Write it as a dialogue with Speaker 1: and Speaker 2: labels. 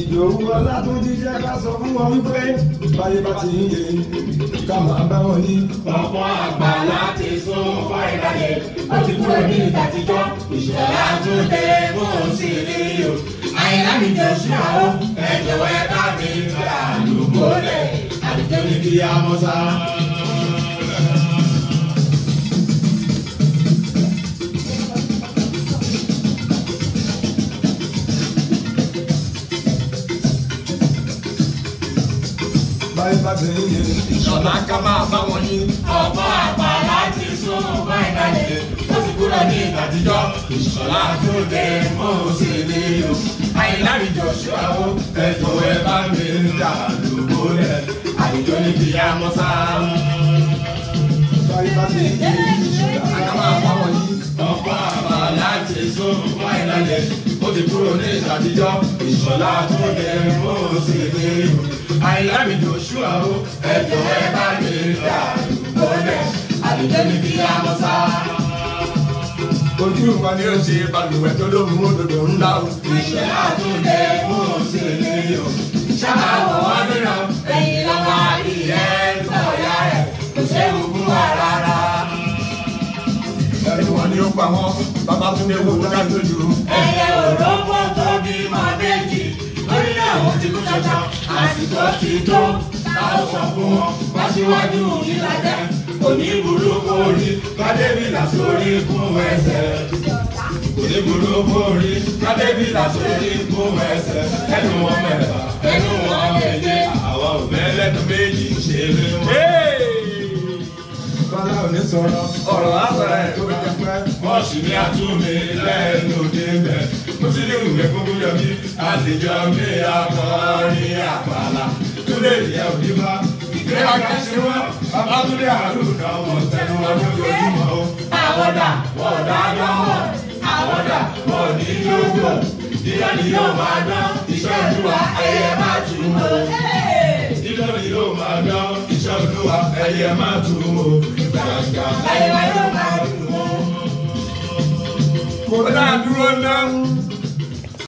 Speaker 1: ìdòwú ọlá tó jíjẹ́ ká sọ fún wọn wípé báyé bá ti ń yé ká máa bá wọn ní. ọ̀pọ̀ àgbà láti sún fún ìbáyé ó ti kúrò ní ìtàtijọ́ ìṣẹ̀lá tún dé mú sí rí o. àyìnlá mi jẹ́ ṣúná o ẹ̀jẹ̀ wẹ́ẹ́ ká mi gbà lùkọ́ lẹ̀ àdìjẹ́ mi kí a sáà. bá yín bá ti rí yé. ọ̀nà ká máa bá wọn yín. ọ̀pọ̀ àpá láti sún bá ìdálẹ̀ ó ti kúrò ní ìtàtijọ́. ìṣọ̀lá tó dé mọ́ sí o. àyìnlá mi jọ ṣíwáwó ẹ̀jọ̀ ẹ bá mi ń dà lóko rẹ̀. àyíjọ ni kì í yá mọ́ sáá. bá yín bá ti rí yé. ọ̀nà ká máa bá wọn yín. ọ̀pọ̀ àpá láti sún bá ìdálẹ̀ ó ti àìlámi joshua o ẹjọ ẹ bá lè dá àdúgbò rẹ àdúgbò mi kí á mọ sá. ojú wa ni ó ṣe balùwẹ̀ tó lóhùn òdòdó ńlá o. ìṣẹ́ àtúndé mú sí ilé o ṣáà wọ̀ wá mìíràn ẹ̀yìn lọ́wọ́ adìyẹ ìtọ́yà rẹ̀ kò séwu fún wa rárá. ẹ̀rù wọn ni ó pa wọn bàbá tún lè wò dájú ju. ẹyẹ òró. tó ti tó tá a sọ fún wọn wá síwájú nílàjẹ òní burúkú orí kádébìlà sórí kún ẹsẹ̀ òní burúkú orí kádébìlà sórí kún ẹsẹ̀ ẹnu wọn mẹ́ta ẹnu wọn méje àwa ò mẹ́lẹ́dùn méjì ṣeré wọn bọ́lá ò ní sọ̀rọ̀ ọ̀rọ̀ àṣàrà ẹ̀ tó jẹ pẹ́. bọ́ọ̀sì ni àtúnmí lẹ́nu débẹ̀ mo ti ní ìwé gbogbo yọmí àtijọ́ mi àpọ̀ orílẹ̀-èdè òní bá gbé ọ̀gá ṣe wọ́n ọmọdé àrùkà wọn tẹnu wọn o. àwọ̀dà wọ́n dá lọ́wọ́ àwọ̀dà wọ́n ní lóko ìdílé ni yóò máa dán iṣẹ́ olúwa ẹyẹ máa tù ú o. ìdílé ni yóò máa dán iṣẹ́ olúwa ẹyẹ máa tù ú o. gbàgbà ẹyẹ máa tù ú o. kò dáa dúró náà.